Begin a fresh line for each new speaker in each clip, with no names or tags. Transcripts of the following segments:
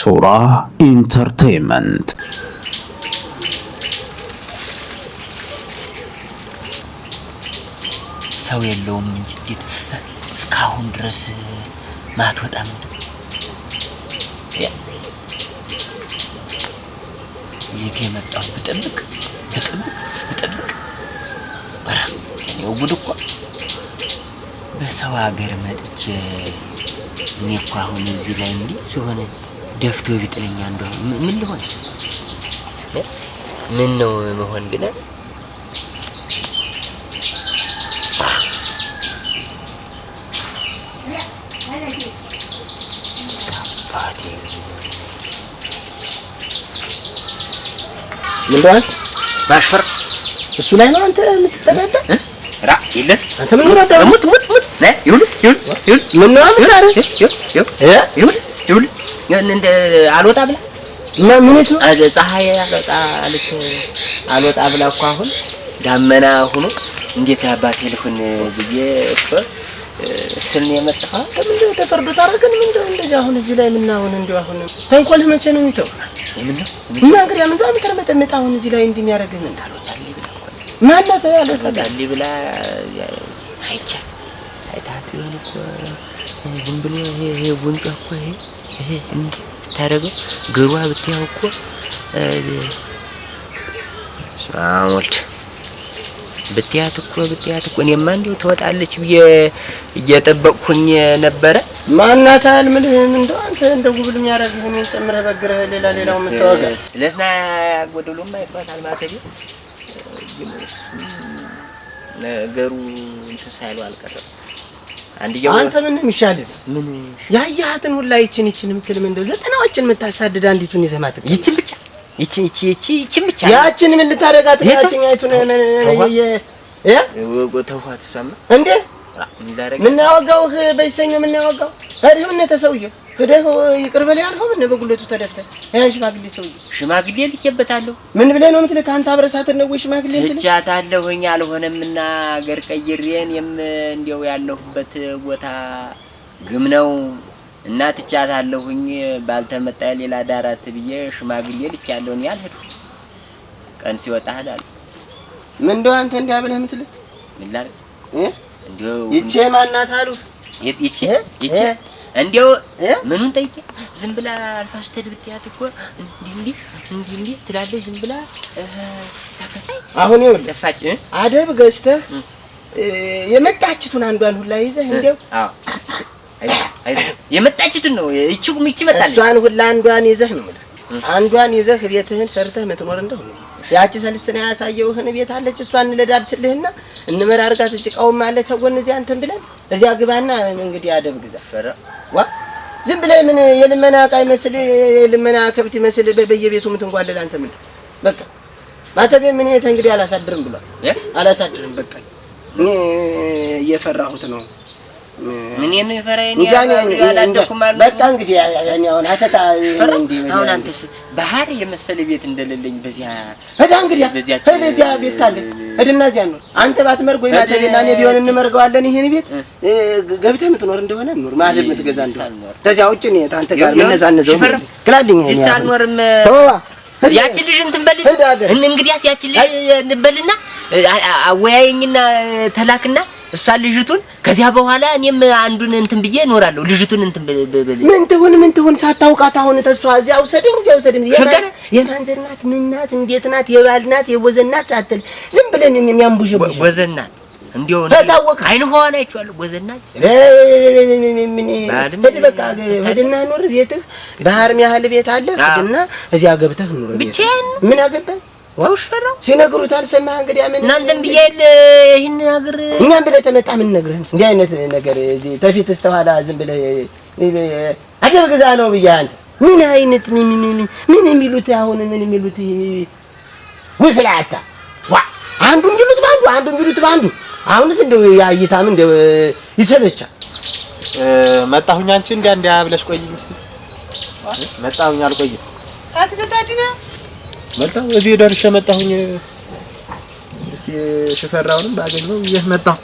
ሶራ ኢንተርቴይንመንት
ሰው የለውም እንጂ እንዴት እስካሁን ድረስ ማትወጣ? ምንድን ይህ የመጣው ብጠብቅ ብጠብቅ ብጠብቅ እኔው ጉድ እኮ በሰው ሀገር መጥቼ እኔ እኮ አሁን እዚህ ላይ እንዲህ ሲሆን ደፍቶ ቢጥለኛ እንደው ምን ልሆን ምን ነው መሆን ግን ምንድን ባሽፈር እሱ ላይ ነው አንተ የምትጠዳዳ? ራ ይለ አንተ ምን ነው ሙት ሙት ሙት ነ ይሁን ይሁን ይሁን ምን ነው ምን ይሁን ይሁን ይሁን አልወጣ ብላ ምንቱ ፀሐይ አልወጣ አለች። አልወጣ ብላ እኮ አሁን ዳመና ሆኖ እንዴት አባቴ ልሁን ብዬ እኮ ስል ነው የመጣሁ። ምንድነው ተፈርዶ ታረገን? ምንድነው እንደዚህ አሁን እዚህ ላይ ምናምን እንደው አሁን ተንኮልህ መቼ ነው የሚተው? ምንድነው እና እንግዲህ ምንድነው የምትረመጠመጥ አሁን እዚህ ላይ እንዲህ የሚያደርግህ ምን እንዳልሆነ ማለት ያለው ታዳሊ ብላ አይቻልም። አይታት ይሁን እኮ ዝም ብሎ ይሄ ጉንጮ እኮ ይሄ ይሄ እንዲህ ብታደርገው ግሯ ብትያው እኮ ብትያት እኮ ብትያት እኮ እኔማ እንዲሁ ትወጣለች ብዬ እየጠበቅኩኝ ነበረ። ምልህም እንደው አንተ እንደ ጉብል የሚያደርግህ እኔን ጨምረህ በግረህ ሌላ ሌላው ስለስና ማተቤ ነገሩ እንትን ሳይሉ አልቀረም። አንተ ምን የሚሻል ምን ያያህትን ሁላ ይችን ይችን ምክልም እንደው ዘጠናዎችን የምታሳድድ አንዲቱን ይዘህ ማጥቅ ይችን ብቻ ይችን ይቺ ይቺ ይችን ብቻ ያችን ምን ልታደርጋት ያችን አይቱን እ ተውኋት እሷማ እንዴ ምናወጋው በሰኞ ምናወጋው ታዲያ እነተ ሰውዬው ሄደህ ይቅር በል ያልኸው ምነው በጉልበቱ ተደፍተህ ያን ሽማግሌ ሰውዬው ሽማግሌ ልኬበታለሁ። ምን ብለህ ነው የምትልህ? ከአንተ አብረሳትን ነው ወይ ሽማግሌ ልትልህ? ትቻታለሁኝ አልሆነም እና አገር ቀይሬን የም እንዲያው ያለሁበት ቦታ ግም ነው እና ትቻታለሁኝ ባልተመጣ ሌላ ዳራት ብዬ ሽማግሌ ልኬያለሁ። እኔ አልሄድኩም። ቀን ሲወጣ እሄዳለሁ። ምን እንደው አንተ እንዲያ ብለህ የምትልህ ምን ላድርግ ይቼ ማናት አሉ ይቼ ይቼ እንዲያው ምኑን ጠይቄ ዝም ብላ አልፋሽ ተድብትያት እኮ እንዲህ እንዲህ እንዲህ እንዲህ ትላለች። ዝም ብላ አሁን አደብ ገዝተህ የመጣችቱን አንዷን ሁላ ይዘህ እንዲያው የመጣችቱን ነው ይቺ ይቺ መጣለች። እሷን ሁላ አንዷን ይዘህ ነው አንዷን ይዘህ ቤትህን ሰርተህ የምትኖር ያቺ ሰልስና ያሳየውህን ቤት አለች። እሷን እንለዳብስልህና እንመራ አርጋት እጭቃው ማለት ተጎን እዚያ እንትን ብለን እዚያ ግባና እንግዲህ አደብ ግዛ። ዋ ዝም ብለህ ምን የልመና ዕቃ ይመስል የልመና ከብት ይመስል በየቤቱ ምትንጓለል አንተ ምን በቃ ማተቤ ምን እንግዲህ አላሳድርም ብሏል። አላሳድርም በቃ እኔ እየፈራሁት ነው እኔም ባህር የመሰለ ቤት እንደሌለኝ በዚያ ሂዳ እዚያ ቤት ታለ ሂድና እዚያ ነው አንተ ባትመርግ ወይ ማተቤና እኔ ቢሆን እንመርገዋለን። ይሄን ቤት ገብተህ የምትኖር እንደሆነ ኑር፣ ማህል የምትገዛ እንደሆነ ከዚያ ውጭ እኔ ታንተ ጋር የምነዛነዘው ትላለኝ ይሄን ያው ሲሳኖርም ያቺ ልጅ እንትን በል እንግዲያስ ያቺ ልጅ እንትን በልና አወያየኝና ተላክና እሷ ልጅቱን ከዚያ በኋላ እኔም አንዱን እንትን ብዬ እኖራለሁ። ልጅቱን እንትን ምን ትሁን ምን ትሁን ሳታውቃት አሁን ተሷ እዚያ ውሰደኝ እዚያ ውሰደኝ የማንዘናት ምናት እንዴት ናት የባልናት የወዘናት ሳትል ዝም ብለን የሚያንቡሽ ወዘናት እንዲያው ታወቀ አይን ኑር ቤትህ። ባህር ያህል ቤት አለ ሂድና እዚያ ገብተህ ኑር። ብቻዬን ምን አገባኝ ዋውሽ ሲነግሩት አልሰማህ። እንግዲህ አመን እናንተም ብያይል ይህን ሀገር እኛም ብለህ ተመጣ ምን ነግረህን እንዲህ አይነት ነገር እዚህ ተፊት እስተኋላ ዝም ብለህ አደብ ግዛ ነው ብዬህ አንተ ምን አይነት ምን የሚሉት አሁን ምን የሚሉት ጉስላታ ዋ አንዱ የሚሉት በአንዱ አንዱ የሚሉት በአንዱ አሁንስ እንደው ያ እይታም እንደው ይሰለቻል። መጣሁኝ አንቺ እንዳ እንዳ ብለሽ ቆይ እስኪ መጣሁኝ አልቆይም። አትገዳድና መጣሁ እዚህ ደርሼ መጣሁኝ። እስቲ ሽፈራውንም ባገኘው ይህ መጣሁ።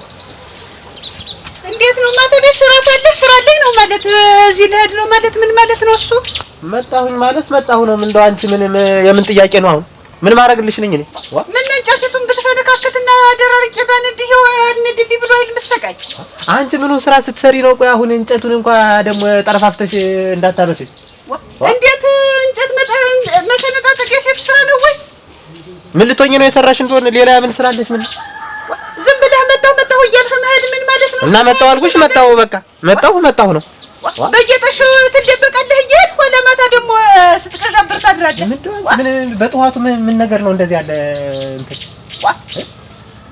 እንዴት ነው ማታ ቤት ስራ ታለህ? ስራ ላይ ነው ማለት እዚህ ልሄድ ነው ማለት ምን ማለት ነው? እሱ መጣሁኝ ማለት መጣሁ ነው። እንደው አንቺ ምን የምን ጥያቄ ነው አሁን? ምን ማድረግልሽ ነኝ እኔ? ምን እንጨቱን ብትፈነካከትና ደራርቄ ባነድህ አንድልህ ብሎ አይል መሰቃኝ። አንቺ ምኑን ስራ ስትሰሪ ነው? ቆይ አሁን እንጨቱን እንኳ ደግሞ ጠረፋፍተሽ እንዳታበስል። እንዴት እንጨት መሰነጣጠቅ የሴት ስራ ነው ወይ? ምን ልትሆኚ ነው የሰራሽ እንደሆነ ሌላ ምን ስራ አለሽ? ምን ዝም ብለህ መጣሁ መጣሁ እያልህ መሄድ ምን ማለት ነው? እና መጣሁ አልኩሽ መጣሁ፣ በቃ መጣሁ መጣሁ ነው። በየጠሽ ትደበቃለህ እያልህ ኋላ ማታ ደግሞ ስትቀዣብር ታድራለህ። በጠዋቱ ምን ነገር ነው እንደዚህ ያለ እንትን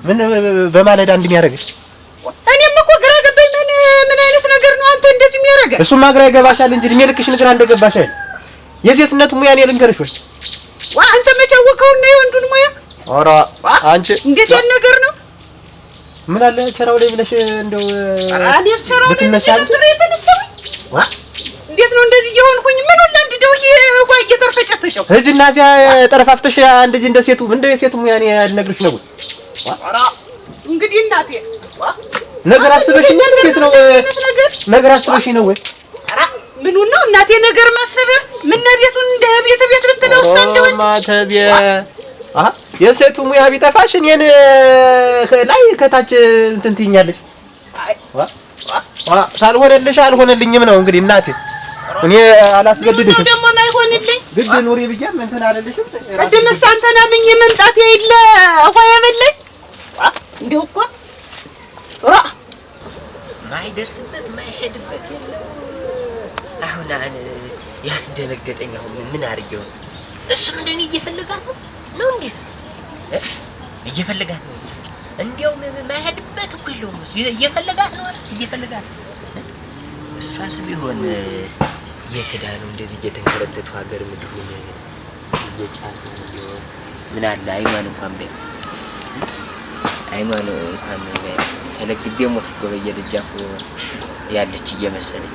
ምን በማለዳ አንድ የሚያደርግሽ? እኔም እኮ ግራ ገባኝ። ምን ምን አይነት ነገር ነው አንተ እንደዚህ የሚያደርገህ? እሱማ ግራ ይገባሻል እንጂ እድሜ ልክሽን ግራ እንደገባሽ አይደል? የሴትነት ሙያ እኔ ልንገርሽ ወይ አንተ መቼ አወቀውና የወንዱን ሙያ? ኧረ አንቺ እንዴት ያለ ነገር ነው ምን አለ ቸራው ላይ ብለሽ እንደው አዲስ ቸራው ላይ ብለሽ ዋ እንዴት ነው እንደዚህ እየሆንኩኝ? ምን ሁላ እንደው ይሄ ውሃ እየተርፈጨፈጨው እዚህ እና እዚያ ጠረፋፍተሽ አንድ እጅ እንደ ሴቱ እንደ ሴቱ ሙያ እኔ አልነግርሽ ነው። እንግዲህ እናቴ ነገር አስበሽ ነው። እንዴት ነው ነገር አስበሽ ነው ወይ ምኑ ነው እናቴ ነገር ማሰበ ምን ነው ቤቱን እንደ ቤት ቤት ብትለው እንደው ማተቢያ የሴቱ ሙያ ቢጠፋሽ እኔን ላይ ከታች እንትን ትይኛለሽ። ካልሆነልሽ አልሆነልኝም ነው እንግዲህ እናቴ። እኔ አላስገድድሽም ደግሞ አይሆንልኝ ግድ ኑሪ ብዬሽ እንትን አልልሽም። ቅድም እሷ አንተን አምኜ መምጣት የለ ውሃ ያበለኝ እኮ ማይደርስበት ማይሄድበት የለ። አሁን ያስደነገጠኝ አሁን ምን አድርጌው እሱ ምንድን እየፈለጋት ነው ነው እንዴ? እየፈለጋት ነው እንዲያው የማይሄድበት እኮ የለውም። እሱ እየፈለጋት ነው አይደል? እየፈለጋት እሷስ ቢሆን የት ሄዳ ነው እንደዚህ እየተንከረተቱ ሀገር ምድሩን እየጫት ምን አለ አይማን እንኳን በይ አይማን እንኳን ተለግቤ ሞት እኮ በየደጃፉ ያለች እየመሰለኝ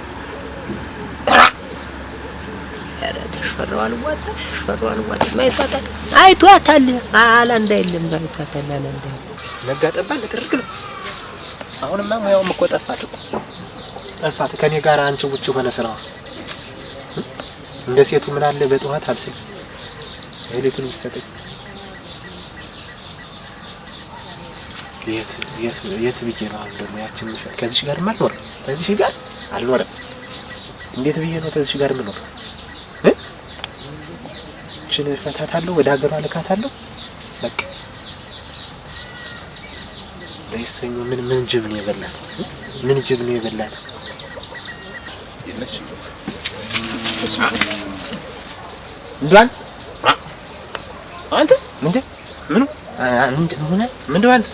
ሽፈራው አልዋጣ ሽፈራው አልዋጣ ማይቷታል አይቷታል። አላ እንዳይልም አይቷታል። አላ እንዳይ ነጋጠባ ልትርክ ነው። አሁንማ ሙያውም እኮ ጠፋት እኮ ጠፋት። ከኔ ጋር አንቺ ውጭ ሆነ ስራው እንደ ሴቱ ምን አለ በጠዋት አብስል ሌሊቱን ይሰጠኝ። የት የት የት ብዬ ነው አሁን ደግሞ ያችን ከዚች ጋርም አልኖርም፣ ከዚች ጋር አልኖርም። እንዴት ብዬ ነው ከዚህ ጋር የምኖር? ፈታታለሁ፣ ወደ ሀገሯ ልካታለሁ። በቃ በይሰኞ ምን ምን ጅብ ነው የበላት? ምን ጅብ ነው የበላት? እንዷን አንተ ምንድን ምን ምንድን ሆነ? ምንድን አንተ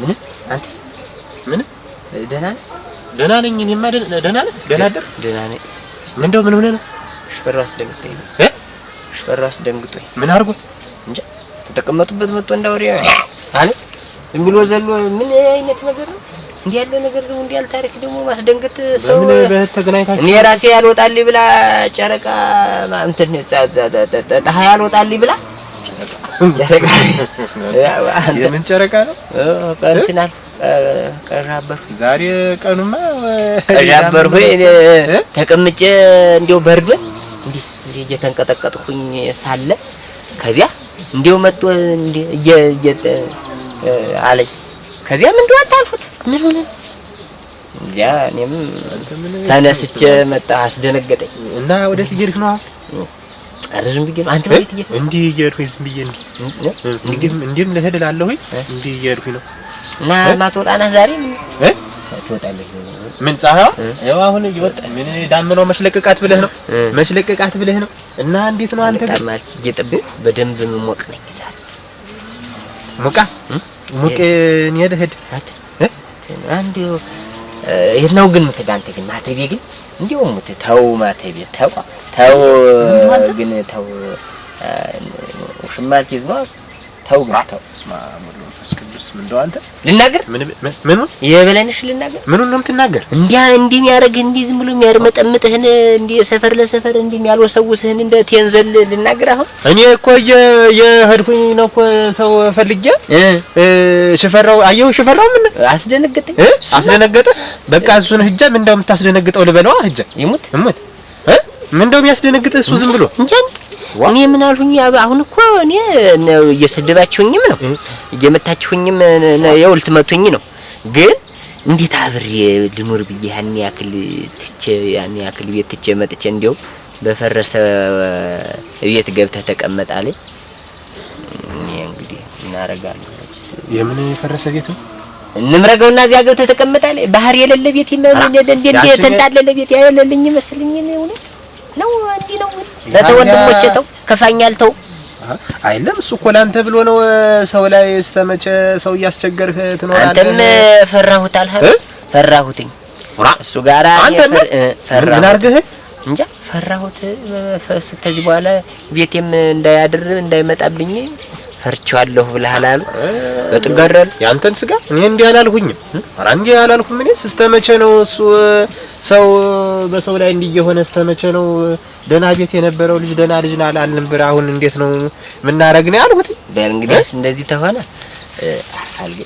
ምን አንተ ምን ደህና ነህ? ደህና ነኝ። እኔማ ደህና ነህ? ደህና አደርክ? ደህና ነኝ። ምንድን ምን ሆነ ነው? ሽፈራው አስደንግጠኝ ነው። በራስ አስደንግጦኝ ምን አድርጎ እንጃ ተቀመጡበት መጥቶ እንዳወሪ አለ ዝም ብሎ ዘሎ ምን አይነት ነገር ነው? እንዲህ ያለ ነገር ደግሞ እንዲህ ያለ ታሪክ ደግሞ ማስደንገጥ ሰው ምን በህት እኔ ራሴ ያልወጣልኝ ብላ ጨረቃ እንትን ፀሐይ ያልወጣልኝ ብላ ጨረቃ የምን ጨረቃ ነው? እንትን አልኩ ቀዣበርኩ። ዛሬ ቀኑማ ቀዣበርኩ ተቀምጬ እንዲያው በርዶኝ እየተንቀጠቀጥኩኝ ሳለ ከዚያ እንዲው መጥቶ አለኝ። ከዚያ ምን እንደው አታልፉት ምን ሆነ? እዚያ እኔም ተነስቼ መጣ። አስደነገጠኝ እና ወዴት እየሄድክ ነው? ኧረ ብዬ ነው። አንተ ወዴት እየሄድክ እንዲህ እየሄድኩኝ ዝም ብዬ እንዲህ እንዲህም እንዲህም እንዲህ እየሄድኩኝ ነው ማትወጣናት ዛሬ ምን ፀሐይዋ ያው አሁን እየወጣ ምን ዳምናው መሽለቅቃት ብለህ ነው መሽለቅቃት ብለህ ነው። እና እንዴት ነው አንተ ጋር ማለት እየጠብህ በደንብ ሞቅ ነኝ ዛሬ ሙቃ ሙቅ ሄድ ሄድ አንድ የት ነው ግን የምትሄድ አንተ ግን ማተቤ ግን እንዲያውም ተው ማተቤ ተው ተው ግን ተው ውሽማ አልችይዝ ነው ተው ግን ተው ቅዱስ ምን እንደው አንተ ልናገር ምን ምን ምን የበለንሽ ልናገር ምን ነው የምትናገር? እንዲያ እንዲህ የሚያደርግ እንዲህ ዝም ብሎ የሚያርመጠምጥህን እንዲህ ሰፈር ለሰፈር እንዲህ የሚያልወሰውስህን እንደ ቴንዘል ልናገር? አሁን እኔ እኮ የ የሄድኩኝ ነው እኮ ሰው ፈልጌ ሽፈራው አየሁ። ሽፈራው ምን አስደነገጠኝ፣ አስደነገጠ። በቃ እሱን ህጃ ምን እንደው የምታስደነግጠው ልበለዋ። ህጃ ይሙት ይሙት እ ምን እንደው የሚያስደነግጥ እሱ ዝም ብሎ እንጃ እኔ ምን አልሁኝ። አሁን እኮ እኔ እየሰደባችሁኝም ነው እየመታችሁኝም ያው ልትመቱኝ ነው። ግን እንዴት አብሬ ልኑር ብዬ ያን ያክል ትቼ ያን ያክል ቤት ትቼ መጥቼ እንዲያውም በፈረሰ ቤት ገብተህ ተቀመጥ እንግዲህ የምን የፈረሰ ቤት ነው? እንምረገውና እዚያ ገብተህ ተቀመጥ ባህር የሌለ ቤት ቤት ይመስልኝ ነው ነው እንዲህ ነው። ለተወንድሞቼ ተው ከፋኛል ተው አይለም እሱ እኮ ላንተ ብሎ ነው። ሰው ላይ እስተመቼ ሰው እያስቸገርህ ትኖራለህ። አንተም ፈራሁት አልሀ ፈራሁትኝ እሱ ጋራ አንተ ምን አድርገህ እንጃ ፈራሁት። ከዚህ በኋላ ቤቴም እንዳያድር እንዳይመጣብኝ ፈርቻለሁ ብለሃል በጥጋራል ያንተን ስጋ እኔ እንዲህ አላልሁኝም። ኧረ እንዲህ አላልሁም እኔ። ስተመቼ ነው እሱ ሰው በሰው ላይ እንዲህ የሆነ ስተመቼ ነው? ደህና ቤት የነበረው ልጅ ደህና ልጅ አልነበረ። አሁን እንዴት ነው የምናረግ ነው ያልሁት። በል እንግዲህ እንደዚህ ተሆነ አፋልግ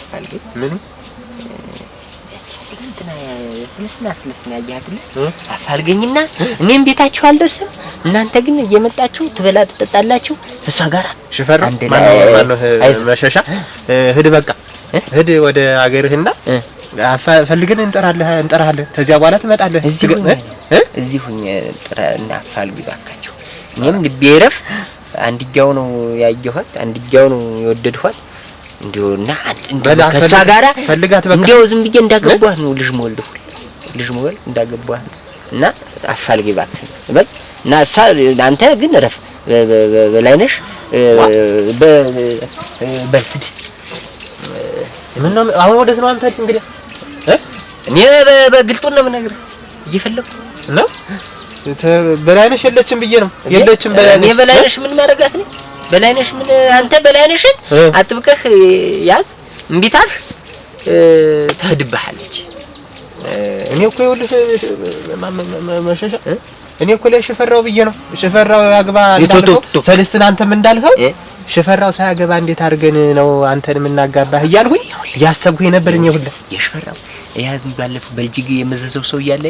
አፋልግ ምን ስንስና ስንስና ያያትል አፋልገኝና እኔም ቤታችሁ አልደርስም። እናንተ ግን እየመጣችሁ ትበላ ትጠጣላችሁ። እሷ ጋራ ጋር ሽፈራ መሸሻ ህድ በቃ ህድ ወደ አገርህና ፈልግን እንጠራለህ እንጠራለህ። ከዚያ በኋላ ትመጣለህ። እዚህ ሁኝ እና አፋልጉ ይባካችሁ። እኔም ልቤ ይረፍ። አንድያው ነው ያየኋት፣ አንድያው ነው የወደድኋት። እንዲሁ እና ከእሷ ጋራ እንዲያው ዝም ብዬ እንዳገባኋት ነው ልጅ መወልደሁ ልጅ ሞገል እንዳገባ እና አፋልጌ እባክህ በል እና እሷ አንተ ግን ረፍ በላይነሽ በል ሂድ። ምነው አሁን ወደ ነው ታጭ እንግዲህ እኔ በግልጡን ነው የምነግርህ። እየፈለኩ ነው በላይነሽ የለችም ብዬ ነው የለችም በላይነሽ። እኔ በላይነሽ ምን ማረጋት ነው በላይነሽ ምን አንተ በላይነሽን አጥብቀህ ያዝ። እምቢታል ትሄድብሃለች እኔ እኮ ይኸውልህ መሸሻ እኔ እኮ ላይ ሽፈራው ብዬ ነው። ሽፈራው ያግባ እንዳልከው ሰልስትን አንተም እንዳልኸው ሽፈራው ሳያገባ እንዴት አድርገን ነው አንተን የምናጋባህ እያልሁኝ ያሰብኩኝ ነበር። እኔ ሁላ የሽፈራው ያዝም ዝም ብሎ በልጅግ የመዘዘው ሰው እያለ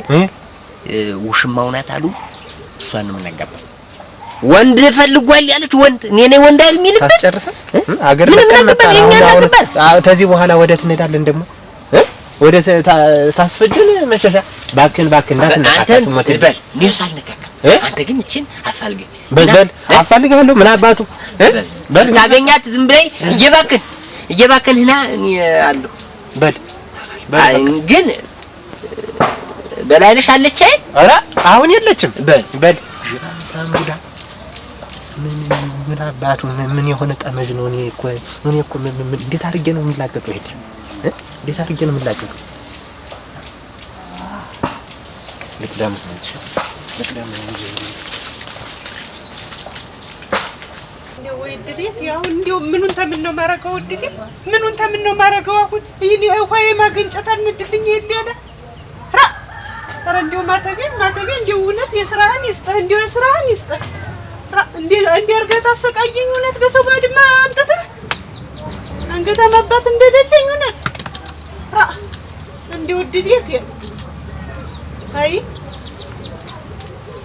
ውሽማው ናት አሉ። እሷን ነው የምናጋባ። ወንድ ፈልጓል ያለች ወንድ እኔ ነኝ ወንድ አይል የሚልበት ታስጨርሰን አገር ለቀን መጣ። ተዚህ በኋላ ወደ ትንሄዳለን ደግሞ ወደ ታስፈጅን መሸሻ ባክን ባክን እንዳትነካካ። አንተ ግን እቺን አፋልገኝ በል አፋልግሃለሁ። ምን አባቱ በል ታገኛት። ዝም ብለህ እየባክን እየባክን ህና አለሁ በል ግን በላይነሽ አለች አይደል? ኧረ አሁን የለችም። በል በል ምን ምን አባቱ ምን የሆነ ጠመጅ ነው። እኔ እኮ እኮ እንዴት አድርጌ ነው የሚላቀቀው? እንዴት አድርጌ ነው የምላቸው? ምኑን ተምን ነው ማረገው? አሁን ይሄን ውሃ የማገንጨት አንድልኝ ይሄን ያለ ራ እንዲሁ ማተቤን ማተቤን እንዲሁ እውነት የስራህን ይስጥህ፣ እንዲሁ የስራህን ይስጥህ። ራ እንዲሁ እንዲሁ እውነት በሰው ባድማ አምጥተህ አንገታ ማባት እንደሌለኝ እንደ ውድ ቤት የለም። አይ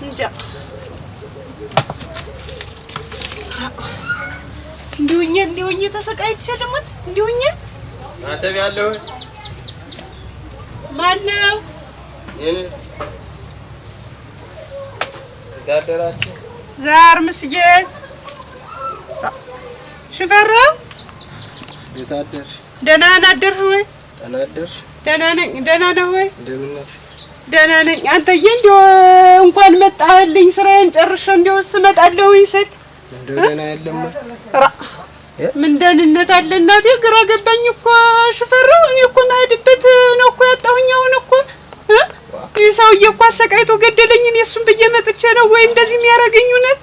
እንጃ እንዲሁኜ እንዲሁኜ ተሰቃይቼ ልሙት እንዲሁኜ ማተብ ያለው ማነው? ዛር ምስዬ ሽፈራው የታደርሽ ደህና ናደርህ ወይ? ደህና አደርሽ ደህና ነኝ። ደህና ነህ ወይ? ደህና ነኝ። አንተዬ እንዲያው እንኳን መጣህልኝ። ስራዬን ጨርሼ እንዲያው ስመጣለሁኝ ስል ምን ደህንነት አለ እናቴ? ግራ ገባኝ እኮ ሽፈራው። እኔ እኮ ነው እኮ ያጣሁኝ። አሁን እኮ ይህ ሰውዬ እኮ አሰቃይቶ ገደለኝ። እኔ እሱን ብዬ መጥቼ ነው ወይ እንደዚህ የሚያደርገኝ? እውነት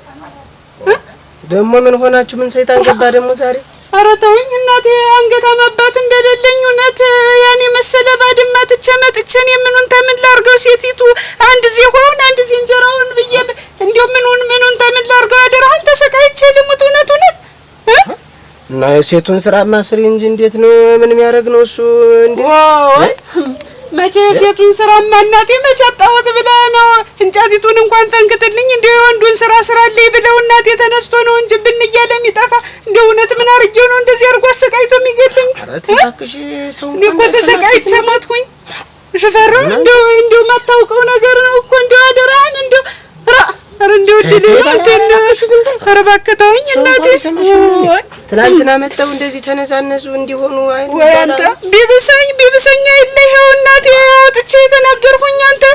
ደግሞ ምን ሆናችሁ? ምን ሰይጣን ገባ ደግሞ ዛሬ ኧረ ተውኝ እናቴ፣ አንገታ አመባት እንደሌለኝ እውነት ያኔ መሰለ ባድማ ትቼ መጥቼ የምኑን ተምን ላርገው ሴቲቱ አንድ ዜ ሆን አንድ ዜ እንጀራውን ብዬ እንዲሁ ምኑን ምኑን ተምን ላርገው ላድርገው? አደራህን ተሰቃይቼ ልሙት። እውነት እውነት እና የሴቱን ስራ ማስሪ እንጂ እንዴት ነው ምን የሚያደርግ ነው እሱ? እንዴ መቼ የሴቱን ስራ ማናቴ መቼ አጣወት ብለ ነው እንጨቲቱን እንኳን ጠንክትልኝ እንዲ የወንዱን ስራ ስራ ብለው እናቴ ተነስቶ ነው እንጂ ብን እያለ የሚጠፋ እውነት ምን አድርጌው ነው እንደዚህ አድርጎ አሰቃይቶ የሚገለኝ? እኔ እኮ ተሰቃይቼ ሞትኩኝ። ሽፈራ እንደው እንደው የማታውቀው ነገር ነው እኮ እንደው አደራህን እንደው ኧረ እንደው ድል እንትን ኧረ እባክህ ተወኝ እናቴ። ትላንትና መጥተው እንደዚህ ተነዛነዙ እንዲሆኑ ወይ ቢብሰኝ የለ ይኸው እናቴ አውጥቼ የተናገርኩኝ አንተ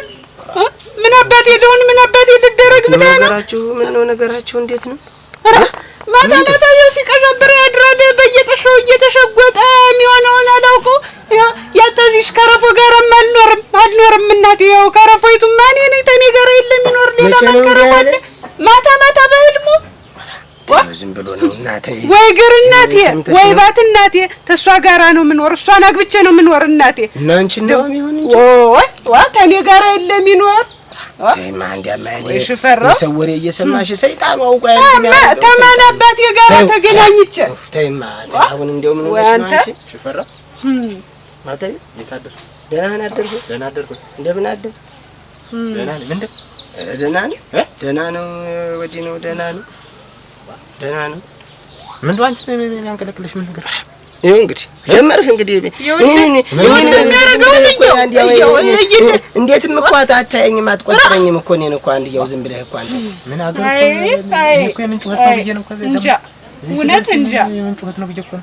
ምን አባቴ ልሁን ምን አባቴ ልደረግ ብለህ ነው ነገራችሁ? ምን ነው ነገራችሁ? እንዴት ነው ማታ ማታ ዝም ብሎ ነው እናቴ። ወይ ግር እናቴ፣ ወይ ባት እናቴ፣ ተሷ ጋራ ነው የምኖር፣ እሷን አግብቼ ነው የምኖር እናቴ። እና አንቺ ነው የሚሆን እንጂ ወይ ዋ ከኔ ጋራ የለም ይኖር ማ እንዲያማሽፈራ ሰው ወሬ እየሰማሽ ሰይጣኑ አውቋ ተማን አባት የጋራ ተገናኝቼ ተይማ። አሁን እንደው ምን ሆነሽ ነው አንቺ ሽፈራ? ደህና አደርኩ ደህና አደርኩ እንደምን አደርኩ ደህና ነኝ። ምንድን ደህና ነኝ ደህና ነው ወዲህ ነው ደህና ነው ደህና ነው። ምንድን አንቺ ያንቀለቅልሽ? ምን ነገር ይኸው እንግዲህ ጀመርህ። እንግዲህ እንዴትም እኮ አታየኝም፣ አትቆጥረኝም እኮ እኔን እኮ አንድዬው ዝም ብለህ እኮ አንተ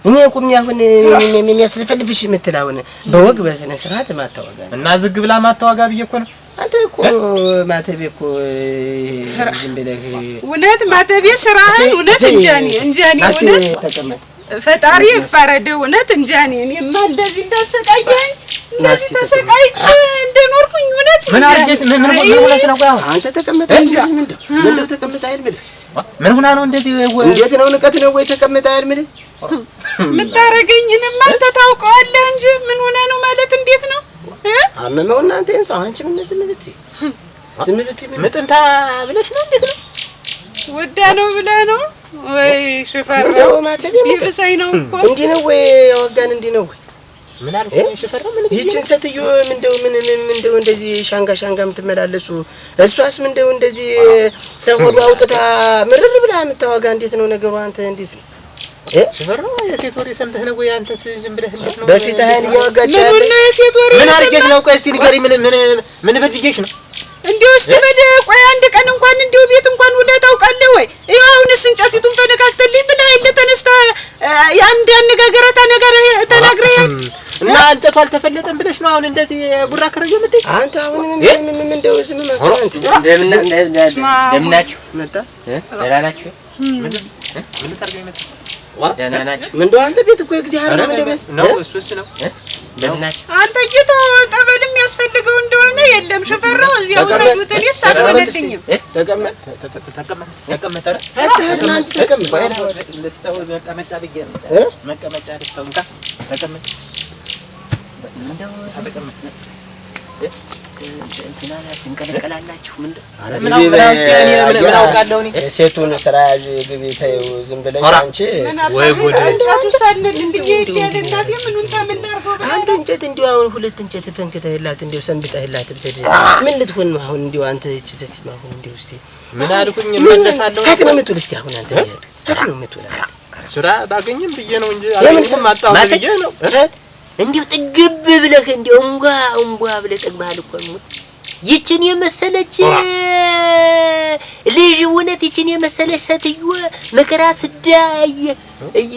እኔ ቁሚ አሁን የሚያስልፈልፍሽ የምትል አሁን በወግ በስነ ስርዓት ማታወጋ እና ዝግ ብላ ማታወጋ ብዬሽ እኮ ነው አንተ እኮ ማተቤ እኮ ዝም ብለህ እውነት ማተቤ ስራህን እውነት እውነት ፈጣሪ ይፈረደው እውነት እንጃ እኔማ እንደዚህ እንደዚህ ተሰቃይቼ እንደኖርኩኝ እውነት ምን ምን ምን ነው? ቆይ አንተ ተቀምጠህ ምንድን አይደል ምን ሆና ነው? እንዴት ነው? ንቀት ነው ወይ አይደል አንተ ታውቀዋለህ እንጂ ምን ሆነ ነው ማለት እንዴት ነው? አመመው እናንተ እንሰው አንቺም ዝም ብትይ ዝም ብትይ ምጥንታ ብለሽ ነው። እንዴት ነው ወዳ ነው ብለህ ነው ወይ ሽፈራው ቢብሰኝ ነው እኮ እንዲህ ነው ወይ ያወጋን እንዲህ ነው ወይ ምን አልኩኝ ሽፈራው ምን ይቺን ሴትዮ እንደው ምን እንደው እንደዚህ ሻንጋ ሻንጋ የምትመላለሱ እሷስ ምን እንደው እንደዚህ ተሆዷ አውጥታ ምርር ብላ የምታወጋ እንዴት ነው ነገሩ? አንተ እንዴት ነው ሲበር ነው የሴት ወሬ ሰምተህ ነው ወይ? አንተስ ዝም ብለህ እንዴት ነው? በፊት አይን እያወጋች ያለ ምን ነው የሴት ወሬ? ምን አድርጌሽ ነው? ቆይ እስቲ ንገሪኝ። ምን ምን ምን በድዬሽ ነው? እንዲሁ እሺ በል ቆይ፣ አንድ ቀን እንኳን እንዲሁ ቤት እንኳን ውለህ ታውቃለህ ወይ? ይኸው አሁንስ እንጨቲቱን ፈነካክተልኝ ብለህ አይደለ ተነስተህ የአንድ አነጋገረ ተነገረህ ተናግረህ ሄድ እና እንጨቱ አልተፈለጠም ብለሽ ነው አሁን እንደዚህ ጉራ ከረጆ ምንድን አንተ አሁን ምን ምን እንደው ዝም ማለት አንተ እንደምን እንደምን ናችሁ መጣ ደህና ናችሁ ምን ምን ታርገኝ መጣ ደህና ናቸው። አንተ ቤት እኮ የእግዚአብሔር ነው ነው እሱ ነው። አንተ ጌታ ጠበል የሚያስፈልገው እንደሆነ የለም ሽፈራው እዚያ ውሰዱት። እኔስ አልሆነልኝም። ተቀመጥ ትንቀለቀላላችሁ ስራ ያዥ ግቢ ተይው ዝም ብለሽ አንቺ ወይ ጉድ እንጨት እንዲሁ አሁን ሁለት እንጨት ፈንክተህላት እንዲሁ ሰንብጠህላት ብትሄድ ምን ልትሆን ነው አሁን እንዲሁ አንተ ይህች ሴትዮ አሁን እንዲሁ እስኪ ምን አልኩኝ እመለሳለሁ ከት ነው የምትውል እስኪ አሁን አንተ ከት ነው የምትውል ስራ ባገኝም ብዬ ነው እንጂ አገኝም አጣሁ ብዬ ነው እንዲሁ ጥግብ ብለህ እንዲሁ እንጓ እንጓ ብለህ ጠግበሃል እኮ ነው። ይችን የመሰለች ልጅ እውነት ይችን የመሰለች ሴትዮ መከራ ፍዳ እየ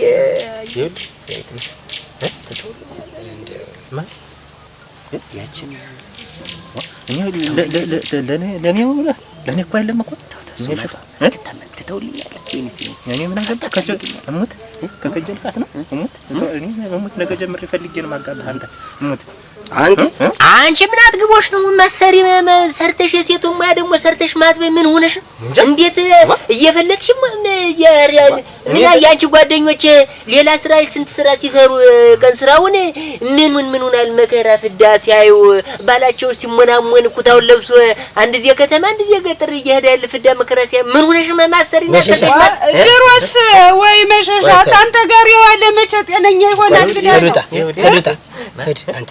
ለእኔ እኮ አይደለም እኮ እኔ ምን እሙት ነው እሙት። እኔ እሙት ነገ ነው አንተ እሙት አንተ አንቺ ምን አትግቦሽ ነው መሰሪ ሰርተሽ የሴቱ ሙያ ደግሞ ሰርተሽ ማለት ምን ሆነሽ እንዴት እየፈለጥሽ ምን ያንቺ ጓደኞች ሌላ ስራ ስንት ስራ ሲሰሩ ቀን ስራውን ምኑን ምን ሆናል መከራ ፍዳ ሲያዩ ባላቸው ሲሞናሞን ኩታውን ለብሶ አንድ ዜ ከተማ አንድ ዜ ጥሪ እየሄደ ያለ ፍዳ መከራሴ ምን ሆነሽ መማሰሪ ነሽ? ድሮስ ወይ መሸሻ አንተ ጋር የዋለ መቼ ጤነኛ ይሆናል ብለህ ነው። ሄድ አንተ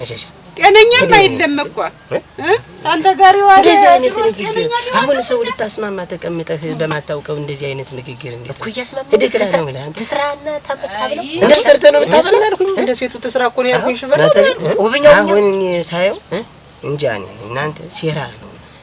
መሸሻ ጤነኛም አይደለም እኮ አንተ ጋር የዋለ እንደዚህ አይነት ንግግር አሁን ሰው ልታስማማ ተቀምጠህ በማታውቀው እንደዚህ አይነት ንግግር እንዴት እኮ ያስማማ ነው እንደ ነው እንደ ሴቱ ትስራ እኮ ነው ያልኩኝ። ሽፈራ አሁን ሳየው እንጃ እኔ እናንተ ሴራ ነው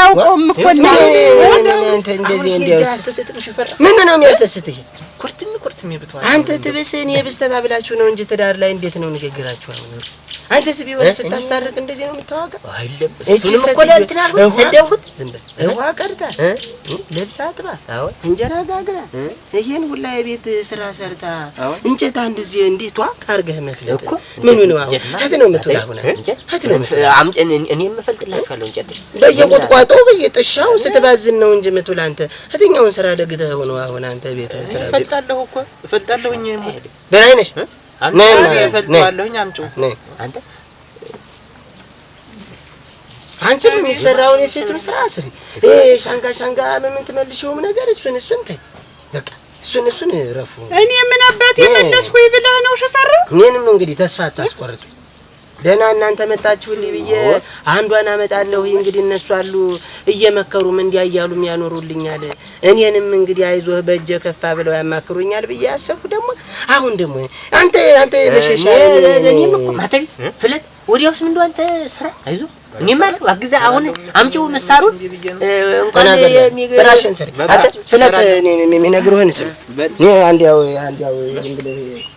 አውቆም እኮ እንደዚህ ምን ነው የሚያሰስትህ? ኩርትም ኩርትም ብትዋል አንተ ትብስ እኔ ብስ ተባብላችሁ ነው እንጂ ትዳር ላይ እንዴት ነው ንግግራችሁ? አሁን አንተስ ቢሆን ስታስታርቅ እንደዚህ ነው የምታዋጋ? አይለም እሱንም ልብስ አጥባ እንጀራ ጋግራ ይሄን ሁላ የቤት ስራ ሰርታ እንጨት አንድ እዚህ እንዴቷ ካርገህ መፍለጥ ምኑ ነው አሁን? ነው የምትውል አሁን ነው የምፈልጥላችኋለሁ እንጨት በየቁጥቋ ቋጦ በየጠሻው ስትባዝን ነው እንጂ የምትውል አንተ የትኛውን ስራ ደግተህ ሆኖ አሁን አንተ ቤት ስራ እፈልጣለሁ እኮ እፈልጣለሁ። እኛ በላይ ነሽ አንተ አንቺም የሚሰራውን የሴቱን ስራ ስሪ። ሻንጋ ሻንጋ ምን ትመልሽውም ነገር እሱን እሱን ተይ በቃ እሱን እሱን ረፉ። እኔ ምን አባቴ ብለህ ነው እኔንም እንግዲህ ተስፋ አታስቆርጥ። ደህና እናንተ መጣችሁልኝ ብዬ አንዷን አመጣለሁ። እንግዲህ እነሱ አሉ እየመከሩም እንዲያ እያሉም ያኖሩልኛል። እኔንም እንግዲህ አይዞህ በእጀ ከፋ ብለው ያማክሩኛል ብዬ ያሰብኩ ደግሞ አሁን ደግሞ አንተ አንተ መሸሻ ፍለት ወዲያውስ ምንድን አንተ ስራ አይዞ እኔም አለሁ አግዛ አሁን አምጪው መሳሩን እንኳን ስራሽን አንተ ፍለት የሚነግሩህን አንዲያው አንዲያው ዝም ብለህ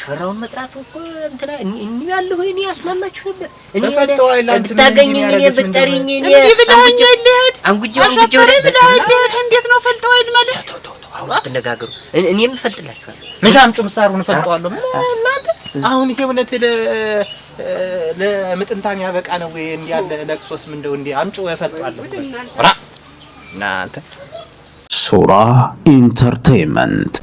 ሽፈራውን መጥራቱ እኮ እንትና እኔ ያለሁ እኔ አስማማችሁ ነበር። እኔ ብታገኘኝ እኔ ብጠሪኝ እኔ አንጉጀው አንጉጀው ነበር። እንዴት ነው ፈልጠው አይል ማለት አሁን አትነጋገሩ። እኔም እፈልጥላችኋለሁ። ምሻምጩ ምሳሩን እፈልጠዋለሁ። እናንተ አሁን ይሄ እውነት ለምጥንታም ያበቃ ነው ወይ? እንዲያለ ለቅሶስ ምን እንደው እንዲ አምጩ እፈልጠዋለሁ። ራ እናንተ ሱራ ኢንተርቴይንመንት